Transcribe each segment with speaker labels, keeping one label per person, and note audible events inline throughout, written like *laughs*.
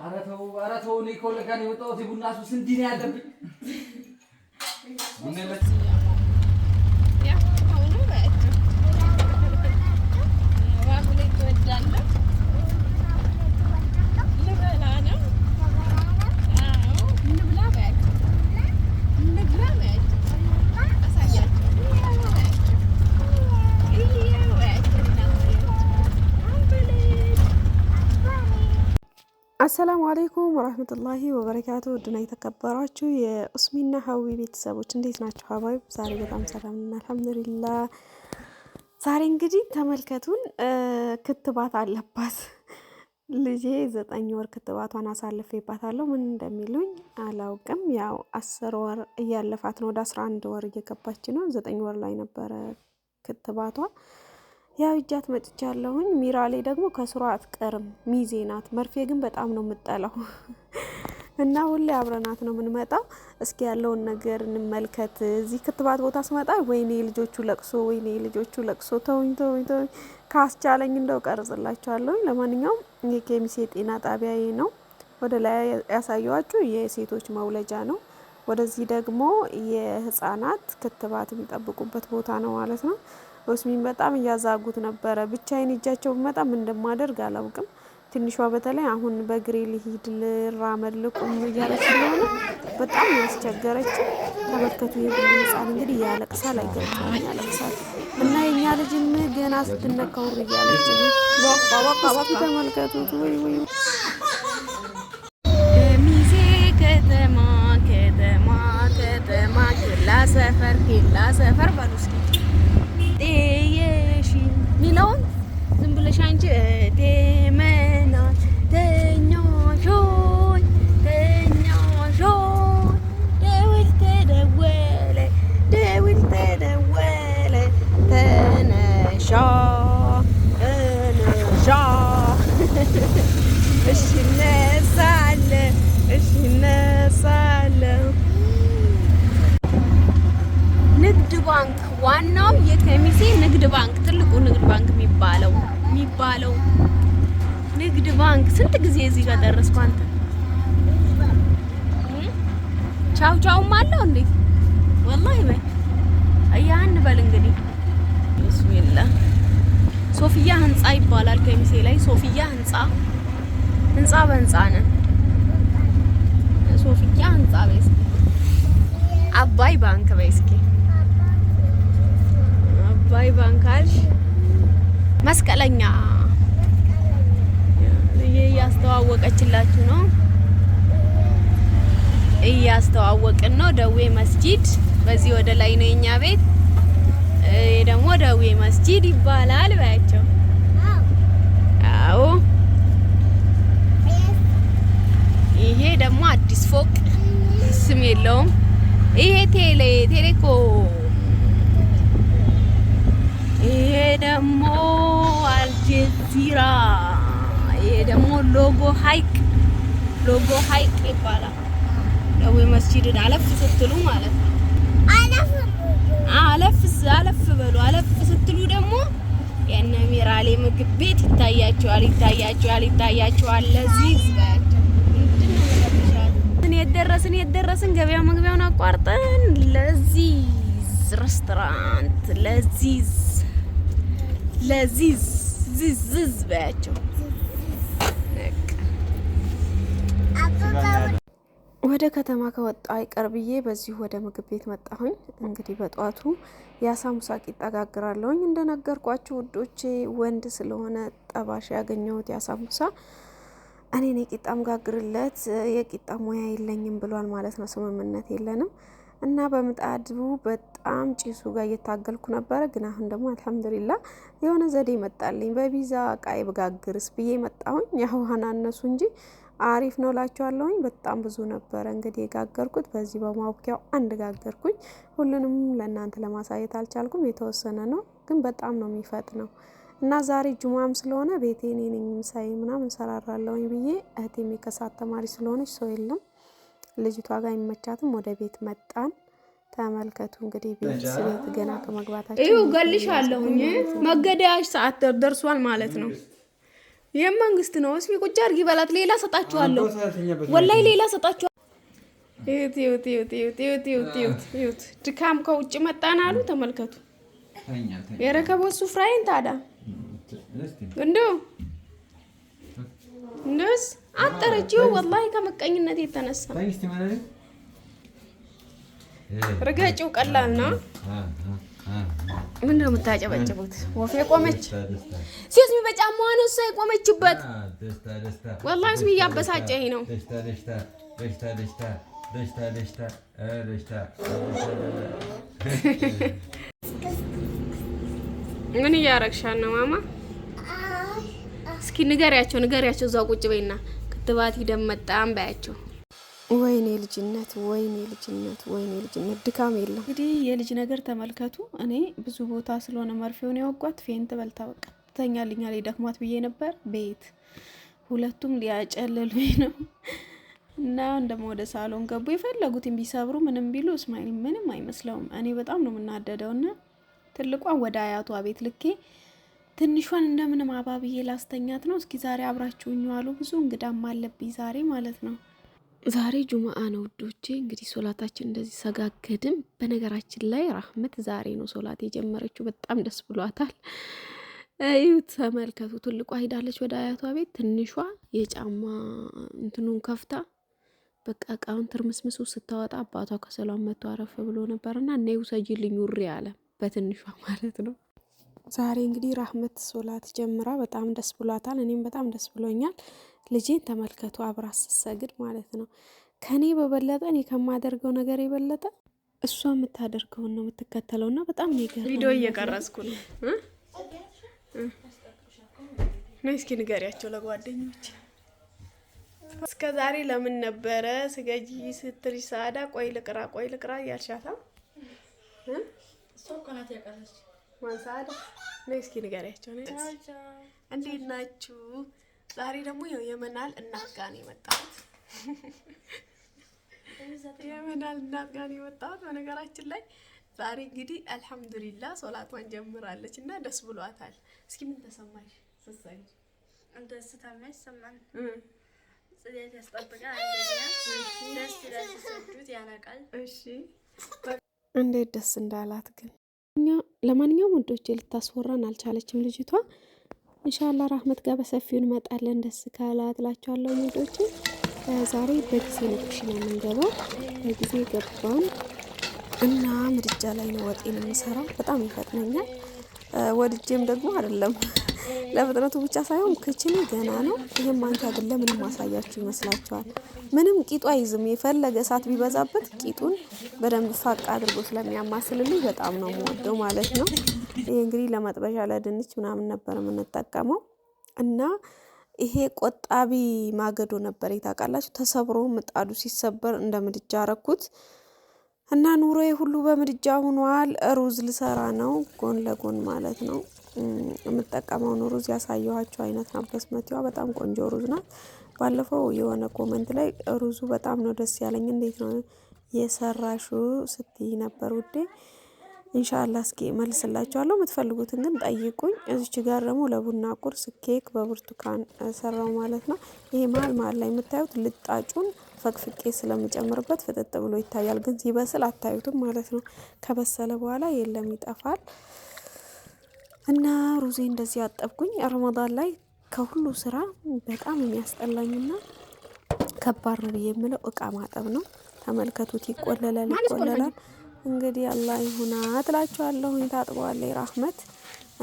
Speaker 1: ኧረ ተው ኧረ ተው እኔ እኮ ለካ ነው የወጣሁት የቡና ሱስ እንዲህ ነው ያለብኝ
Speaker 2: አሰላሙ አሌይኩም ወረህመቱላሂ ወበረካቱ። ውድና የተከበሯችሁ የኡስሚና ሀዊ ቤተሰቦች እንዴት ናቸው? ሀባይ ዛሬ በጣም ሰላም ና አልሐምዱሊላ። ዛሬ እንግዲህ ተመልከቱን፣ ክትባት አለባት ልጄ። ዘጠኝ ወር ክትባቷን አሳልፌባታለሁ። ምን እንደሚሉኝ አላውቅም። ያው አስር ወር እያለፋት ነው፣ ወደ አስራ አንድ ወር እየገባች ነው። ዘጠኝ ወር ላይ ነበረ ክትባቷ ያው እጃት መጥቻለሁኝ። ሚራሌ ደግሞ ከስሯ አትቀርም፣ ሚዜ ናት። መርፌ ግን በጣም ነው የምጠላው *laughs* እና ሁሌ አብረናት ነው የምንመጣው። እስኪ ያለውን ነገር እንመልከት። እዚህ ክትባት ቦታ ስመጣ ወይኔ ልጆቹ ለቅሶ፣ ወይኔ ልጆቹ ለቅሶ፣ ተውኝ ተውኝ ተውኝ። ካስቻለኝ እንደው ቀርጽላችኋለሁኝ። ለማንኛውም የኬሚስ ጤና ጣቢያ ነው። ወደ ላይ ያሳየዋችሁ የሴቶች መውለጃ ነው። ወደዚህ ደግሞ የህፃናት ክትባት የሚጠብቁበት ቦታ ነው ማለት ነው። ወስሚን በጣም እያዛጉት ነበረ። ብቻዬን እጃቸው ብመጣ እንደማደርግ አላውቅም። ትንሿ በተለይ አሁን በእግሬ ልሂድ፣ ልራመድ፣ ልቁም እያለች ስለሆነ በጣም ያስቸገረች። ተመልከቱ፣ ይህ ህፃን እንግዲህ ያለቅሳል፣ አይገልጸዋል፣ ያለቅሳል እና የኛ ልጅም ገና ስትነካው እያለች ነው። ተመልከቱት ወይ ወይ ሚዜ ከተማ de mate, de mate, la sefer, la sefer, vă nu schimb. De ieșit. Milon? Zâmbule și de... ዋናው የከሚሴ ንግድ ባንክ ትልቁ ንግድ ባንክ የሚባለው የሚባለው ንግድ ባንክ ስንት ጊዜ እዚህ ጋር ደረስኩ። አንተ ቻው ቻውም አለው እንዴ? ወላሂ በል እያን በል እንግዲህ ብስሚላ ሶፊያ ህንጻ ይባላል። ከሚሴ ላይ ሶፊያ ህንጻ ህንጻ በህንጻ ነን። ሶፊያ ህንጻ በይ እስኪ አባይ ባንክ በይ እስኪ ባይ ባንካል መስቀለኛ እያስተዋወቀችላችሁ ነው። እያስተዋወቅን ነው። ደዌ መስጂድ በዚህ ወደ ላይ ነው የኛ ቤት። ይህ ደግሞ ደዌ መስጂድ ይባላል። ባያቸው አዎ። ይሄ ደግሞ አዲስ ፎቅ ስም የለውም። ይሄ ቴሌ ቴሌኮ ይሄ ደግሞ አልጀዚራ፣ ይሄ ደግሞ ሎጎ ሀይቅ ሎጎ ሀይቅ ይባላል። ደዌ መስጂድን አለፍ ስትሉ ማለት ነው። አለፍ አለፍ በሉ። አለፍ ስትሉ ደግሞ የነ ሚራሌ ምግብ ቤት ይታያቸዋል፣ ይታያቸዋል፣ ይታያቸዋል። ለዚህ የደረስን የደረስን ገበያ መግቢያውን አቋርጠን ለዚህ ሬስቶራንት ለዚህ ለዚዝ በያቸው። ወደ ከተማ ከወጣ አይቀር ብዬ በዚሁ ወደ ምግብ ቤት መጣሁኝ። እንግዲህ በጠዋቱ የአሳሙሳ ቂጣ ጋግራለሁኝ። እንደነገርኳችሁ ውዶቼ ወንድ ስለሆነ ጠባሽ ያገኘሁት የአሳሙሳ እኔ ቂጣም ጋግርለት የቂጣ ሙያ የለኝም ብሏል ማለት ነው። ስምምነት የለንም። እና በምጣዱ በጣም ጭሱ ጋር እየታገልኩ ነበረ። ግን አሁን ደግሞ አልሐምዱሊላ የሆነ ዘዴ መጣልኝ። በቢዛ ቃይ ብጋግርስ ብዬ መጣሁኝ። ያው አናነሱ እንጂ አሪፍ ነው ላችኋለሁኝ። በጣም ብዙ ነበረ እንግዲህ የጋገርኩት። በዚህ በማውኪያው አንድ ጋገርኩኝ። ሁሉንም ለእናንተ ለማሳየት አልቻልኩም፣ የተወሰነ ነው። ግን በጣም ነው የሚፈጥ ነው እና ዛሬ ጁማም ስለሆነ ቤቴ እኔ ነኝ ምሳዬ ምናምን እንሰራራለሁኝ ብዬ እህቴ ከሰዓት ተማሪ ስለሆነች ሰው የለም ልጅቷ ጋር ይመቻትም። ወደ ቤት መጣን። ተመልከቱ እንግዲህ ቤት ቤት ገና ከመግባታችን ይሁ ገልሻለሁኝ። መገደያሽ ሰዓት ደርሷል ማለት ነው። ይህም መንግስት ነው። እስኪ ቁጭ አድርጊ በላት። ሌላ ሰጣችኋለሁ፣ ወላይ ሌላ ሰጣችኋለሁ። ይዩት ድካም ከውጭ መጣን አሉ። ተመልከቱ የረከቦት ሱፍራዬን ታዳ እንዲሁ እንደስ አጠረችው ወላሂ ከምቀኝነት የተነሳ ርገጭው ቀላል ነው። ምንድነው የምታጨበጭቡት? ወፌ ቆመች። ሴስሚ በጫማዋ ነው እሷ የቆመችበት። ወላሂ ስሚ እያበሳጨኝ ነው። ምን እያረግሻት ነው ማማ? እስኪ ንገሪያቸው ንገሪያቸው፣ እዛው ቁጭ በይና ክትባት ሂደን መጣም ባያቸው። ወይኔ ልጅነት፣ ወይኔ ልጅነት፣ ወይኔ ልጅነት፣ ድካም የለም። እንግዲህ የልጅ ነገር ተመልከቱ። እኔ ብዙ ቦታ ስለሆነ መርፌውን የወጓት ፌንት በልታ በቃ ትተኛልኛ ላይ ደክሟት ብዬ ነበር። ቤት ሁለቱም ሊያጨልሉኝ ነው እና እንደሞ ወደ ሳሎን ገቡ። የፈለጉትን ቢሰብሩ ምንም ቢሉ እስማኤል ምንም አይመስለውም። እኔ በጣም ነው የምናደደው እና ትልቋን ወደ አያቷ ቤት ልኬ ትንሿን እንደምንም አባብዬ ላስተኛት ነው። እስኪ ዛሬ አብራችሁኝ ዋሉ። ብዙ እንግዳም አለብኝ ዛሬ ማለት ነው። ዛሬ ጁምአ ነው ውዶቼ። እንግዲህ ሶላታችን እንደዚህ ሰጋገድም። በነገራችን ላይ ራህመት ዛሬ ነው ሶላት የጀመረችው። በጣም ደስ ብሏታል። ይሁት ተመልከቱ። ትልቋ ሂዳለች ወደ አያቷ ቤት፣ ትንሿ የጫማ እንትኑን ከፍታ በቃ እቃውን ትርምስምሱ ስታወጣ አባቷ ከሰሏን መቶ አረፍ ብሎ ነበርና እና ውሰጂልኝ ውሪ አለ በትንሿ ማለት ነው። ዛሬ እንግዲህ ራህመት ሶላት ጀምራ በጣም ደስ ብሏታል። እኔም በጣም ደስ ብሎኛል። ልጄን ተመልከቱ አብራ ስትሰግድ ማለት ነው። ከኔ በበለጠ እኔ ከማደርገው ነገር የበለጠ እሷ የምታደርገውን ነው የምትከተለው እና በጣም ይገርም። ቪዲዮ እየቀረጽኩ ነው። እስኪ ንገሪያቸው ለጓደኞች እስከ ዛሬ ለምን ነበረ ስገጂ ስትሪ ሰአዳ ቆይ ልቅራ ቆይ ልቅራ እያልሻታ ማንሳት ነው። እስኪ ንገሪያቸው ነው። እንዴት ናችሁ? ዛሬ ደግሞ ያው የመናል እናት ጋር ነው የመጣሁት። የመናል እናት ጋር ነው የመጣሁት። በነገራችን ላይ ዛሬ እንግዲህ አልሐምዱሊላህ ሶላቷን ጀምራለች እና ደስ ብሏታል። እስኪ ምን ተሰማሽ ስትሰሚ? ደስታ ይሰማል። ጽዳት ያስጠብቃል። ደስ ያነቃል። እሺ እንዴት ደስ እንዳላት ግን ለማንኛውም ወንዶች ልታስወራን አልቻለችም ልጅቷ። እንሻላ ራህመት ጋር በሰፊው እንመጣለን። ደስ ካላት እላችኋለሁ ውዶቼ። ዛሬ በጊዜ ነው ኩሽና የምንገባው። በጊዜ ገባን እና ምድጃ ላይ ነው ወጤን የምሰራው። በጣም ይፈጥነኛል። ወድጄም ደግሞ አይደለም ለፍጥነቱ ብቻ ሳይሆን ክችኔ ገና ነው። ይህም ማንኪያ ግን ለምንም ማሳያችሁ ይመስላችኋል? ምንም ቂጡ አይዝም። የፈለገ እሳት ቢበዛበት ቂጡን በደንብ ፋቅ አድርጎ ስለሚያማስልልኝ በጣም ነው የምወደው ማለት ነው። ይህ እንግዲህ ለመጥበሻ ለድንች ምናምን ነበር የምንጠቀመው እና ይሄ ቆጣቢ ማገዶ ነበር የታውቃላችሁ። ተሰብሮ ምጣዱ ሲሰበር እንደ ምድጃ አረኩት እና ኑሮዬ ሁሉ በምድጃ ሆኗል። ሩዝ ልሰራ ነው ጎን ለጎን ማለት ነው። የምጠቀመውን ሩዝ ያሳየኋቸው አይነት ናት። በስመቲዋ በጣም ቆንጆ ሩዝ ናት። ባለፈው የሆነ ኮመንት ላይ ሩዙ በጣም ነው ደስ ያለኝ፣ እንዴት ነው የሰራሹ ስትይ ነበር ውዴ። እንሻላ እስኪ መልስላችኋለሁ። የምትፈልጉትን ግን ጠይቁኝ። እዚች ጋር ደግሞ ለቡና ቁርስ ኬክ በብርቱካን ሰራው ማለት ነው። ይሄ መሀል መሀል ላይ የምታዩት ልጣጩን ፈቅፍቄ ስለምጨምርበት ፍጥጥ ብሎ ይታያል፣ ግን ሲበስል አታዩትም ማለት ነው። ከበሰለ በኋላ የለም ይጠፋል። እና ሩዜ እንደዚህ ያጠብኩኝ ረመዳን ላይ ከሁሉ ስራ በጣም የሚያስጠላኝና ከባድ ነው የምለው እቃ ማጠብ ነው። ተመልከቱት፣ ይቆለላል ይቆለላል። እንግዲህ አላህ ይሁና ትላቸዋለሁ። ታጥበዋለ ራህመት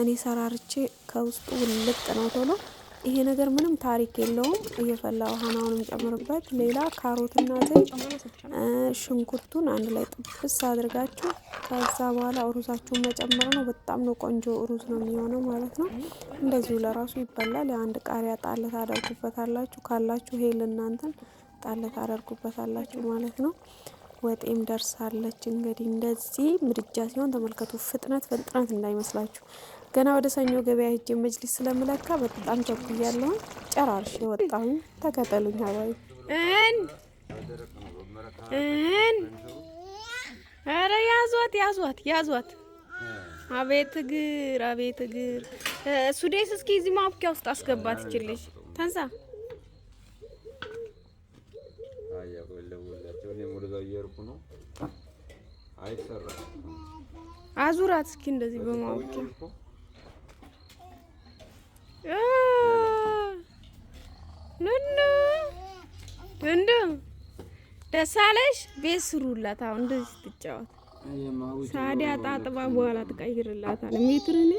Speaker 2: እኔ ሰራርቼ ከውስጡ ልጥ ነው ቶሎ ይሄ ነገር ምንም ታሪክ የለውም። እየፈላ ውሃን አሁንም ጨምርበት። ሌላ ካሮትና ዘይት ሽንኩርቱን አንድ ላይ ጥብስ አድርጋችሁ ከዛ በኋላ ሩዛችሁን መጨመር ነው። በጣም ነው ቆንጆ ሩዝ ነው የሚሆነው ማለት ነው። እንደዚሁ ለራሱ ይበላል። የአንድ ቃሪያ ጣል ታደርጉበታላችሁ ካላችሁ ሄል እናንተን ጣል ታደርጉበታላችሁ ማለት ነው። ወጤም ደርሳለች እንግዲህ እንደዚህ ምድጃ ሲሆን ተመልከቱ። ፍጥነት ፍጥነት እንዳይመስላችሁ ገና ወደ ሰኞ ገበያ ሄጄ መጅሊስ ስለምለካ በጣም ቸኩያለሁ። ጨራርሽ ወጣሁ። ተከተሉኝ። እን አረ ያዟት ያዟት ያዟት! አቤት እግር አቤት እግር። ሱዴስ እስኪ እዚህ ማብኪያ ውስጥ አስገባት ይችልሽ ተንሳ አዙራት እስኪ እንደዚህ በማብኪያ እንዱ ደስ አለሽ። ቤት ስሩላት። አሁን እንደዚህ ስትጫወት ሳዲያ ጣጥባ በኋላ ትቀይርላታል። ሜትርን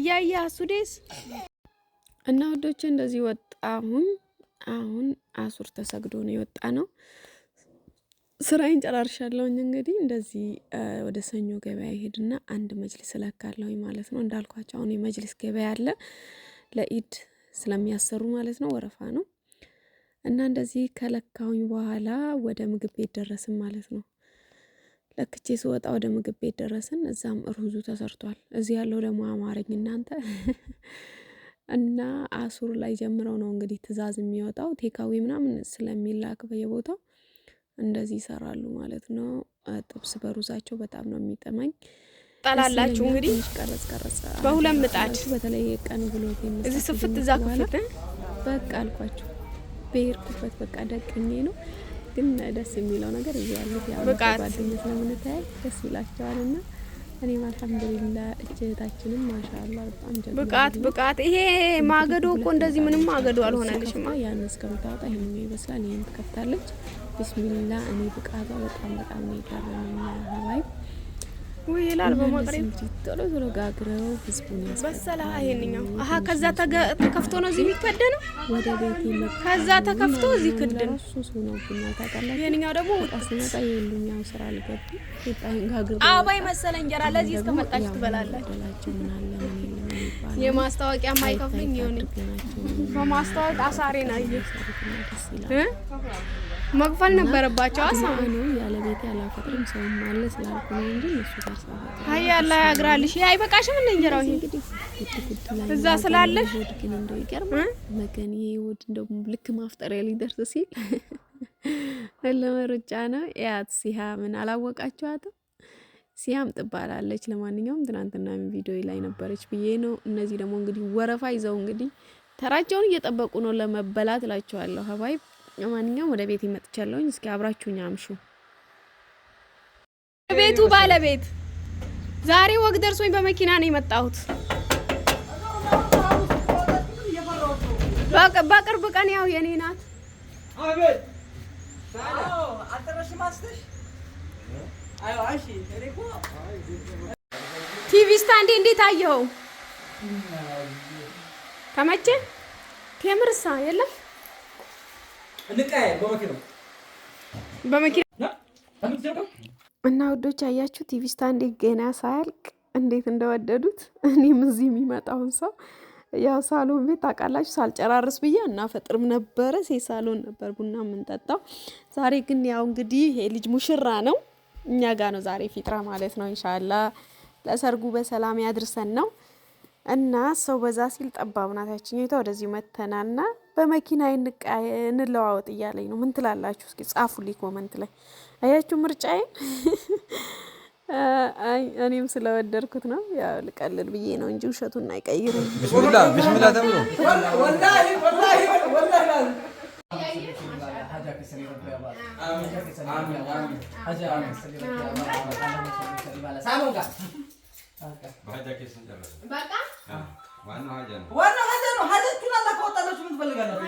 Speaker 2: እያያ ሱዴስ እና ወዶች እንደዚህ ወጣሁን። አሁን አሱር ተሰግዶ ነው የወጣ ነው። ስራዬን ጨራርሻለሁኝ። እንግዲህ እንደዚህ ወደ ሰኞ ገበያ ይሄድና አንድ መጅሊስ እለካለሁኝ ማለት ነው። እንዳልኳቸው አሁን የመጅሊስ ገበያ አለ ለኢድ ስለሚያሰሩ ማለት ነው፣ ወረፋ ነው እና እንደዚህ ከለካሁኝ በኋላ ወደ ምግብ ቤት ደረስን ማለት ነው። ለክቼ ስወጣ ወደ ምግብ ቤት ደረስን። እዛም ሩዙ ተሰርቷል። እዚህ ያለው ደግሞ አማረኝ እናንተ *laughs* እና አሱር ላይ ጀምረው ነው እንግዲህ ትዕዛዝ የሚወጣው ቴካዊ ምናምን ስለሚላክ በየቦታው እንደዚህ ይሰራሉ ማለት ነው። ጥብስ በሩዛቸው በጣም ነው የሚጠማኝ። ጠላላችሁ እንግዲህ ቀረጽ ቀረጽ በሁለት ምጣድ በተለይ የቀን ብሎ እዚህ ስፍት እዛ ክፍት በቃ አልኳችሁ። በሄድኩበት በቃ ደቅኜ ነው። ግን ደስ የሚለው ነገር እዚህ ያሉት ያሉ ጓደኛ ስለምንተያይ ደስ ይላቸዋል እና እኔም አልሐምዱሊላ እጀታችንም ማሻአላ በጣም ጀግና ብቃት ብቃት። ይሄ ማገዶ እኮ እንደዚህ ምንም ማገዶ አልሆነልሽማ። ያን እስከምታወጣ ይሄን ይመስላል። ይሄን ትከፍታለች። ቢስሚላ እኔ ብቃቷ በጣም በጣም ነው የገረመኝ ሀባይ ወይ ይላል በመቅረብ ቶሎ ጋግረው ህዝቡን በሰላ ይሄንኛው አሀ ከዛ ተከፍቶ ነው እዚህ የሚከደን ወደ ቤት ከዛ ተከፍቶ እዚህ ክድን ነው ይሄንኛው ደግሞ አስመጣ የሉም ስራ ልገብ አባይ መሰለ እንጀራ ለዚህ እስከመጣች ትበላላችሁ። ምን የማስታወቂያ ማይከፍልኝ ይሁን በማስታወቂያ አሳሬ ነው መክፈል ነበረባቸው። አሳ ያለ ቤት ያላፈጥርም ሰው አለ ስላልኩ ነው እንጂ እሱ ጋር ሰው አይ ያለ ያግራልሽ አይበቃሽም እንደ እንጀራው እዛ ስላለሽ ውድ ግን እንደው ይገርም መገን ይሄ ወድ እንደው ልክ ማፍጠሪያ ሊደርስ ሲል *laughs* ለመሩጫ ነው ያት ምን አላወቃችኋትም? ሲያም ትባላለች። ለማንኛውም ትናንትና ቪዲዮ ላይ ነበረች ብዬ ነው። እነዚህ ደግሞ እንግዲህ ወረፋ ይዘው እንግዲህ ተራቸውን እየጠበቁ ነው ለመበላት እላችኋለሁ ሀባይ ለማንኛውም ወደ ቤት ይመጥቻለሁኝ። እስኪ አብራችሁኝ አምሹ። ቤቱ ባለቤት ዛሬ ወግ ደርሶኝ በመኪና ነው የመጣሁት። በቅርብ ቀን ያው የኔ ናት። ቲቪ ስታንዴ እንዴት አየኸው? ተመቼ? ቴምርሳ የለም በመኪና እና ውዶች አያችሁ፣ ቲቪ ስታንድ ገና ሳያልቅ እንዴት እንደወደዱት። እኔም እዚህ የሚመጣውን ሰው ያው ሳሎን ቤት ታውቃላችሁ ሳልጨራርስ ብዬ እና ፈጥርም ነበረ ሴ ሳሎን ነበር ቡና የምንጠጣው። ዛሬ ግን ያው እንግዲህ ይሄ ልጅ ሙሽራ ነው፣ እኛ ጋ ነው ዛሬ ፊጥራ ማለት ነው። ኢንሻላ ለሰርጉ በሰላም ያድርሰን ነው እና ሰው በዛ ሲል ጠባብ ናት ያችኛይቷ። ወደዚህ ና በመኪና እንለዋወጥ እያለኝ ነው። ምን ትላላችሁ? እስኪ ጻፉልኝ ኮመንት ላይ። አያችሁ ምርጫዬን። *laughs* እኔም ስለወደድኩት ነው ያው ልቀልል ብዬ ነው እንጂ ውሸቱን አይቀይርም። ብስሚላ ብስሚላ ተብሎ ወላሂ ሀጃ ነው። ሀጃችሁን አላህ ካወጣላችሁ ምን ትፈልጋላችሁ?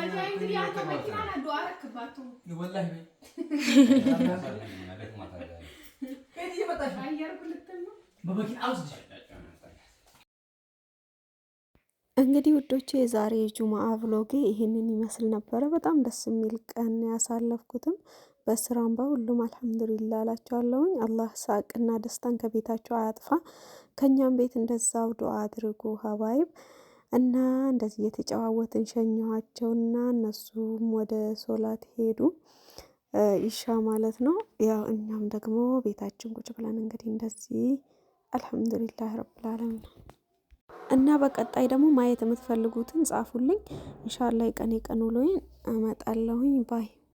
Speaker 2: እንግዲህ ውዶቼ የዛሬ ጁማአ ብሎጌ ይህንን ይመስል ነበረ። በጣም ደስ የሚል ቀን ያሳለፍኩትም በስራም በሁሉም አልሐምዱሊላ አላቸዋለሁ አላህ ሳቅና ደስታን ከቤታቸው አያጥፋ። ከእኛም ቤት እንደዛው ዱዓ አድርጉ ሀባይብ እና እንደዚህ እየተጨዋወትን ሸኘኋቸውና እነሱም ወደ ሶላት ሄዱ ይሻ ማለት ነው። ያው እኛም ደግሞ ቤታችን ቁጭ ብለን እንግዲህ እንደዚህ አልሐምዱሊላህ ረብል እና በቀጣይ ደግሞ ማየት የምትፈልጉትን ጻፉልኝ። እንሻላ የቀን የቀን ውሎይን እመጣለሁኝ ባይ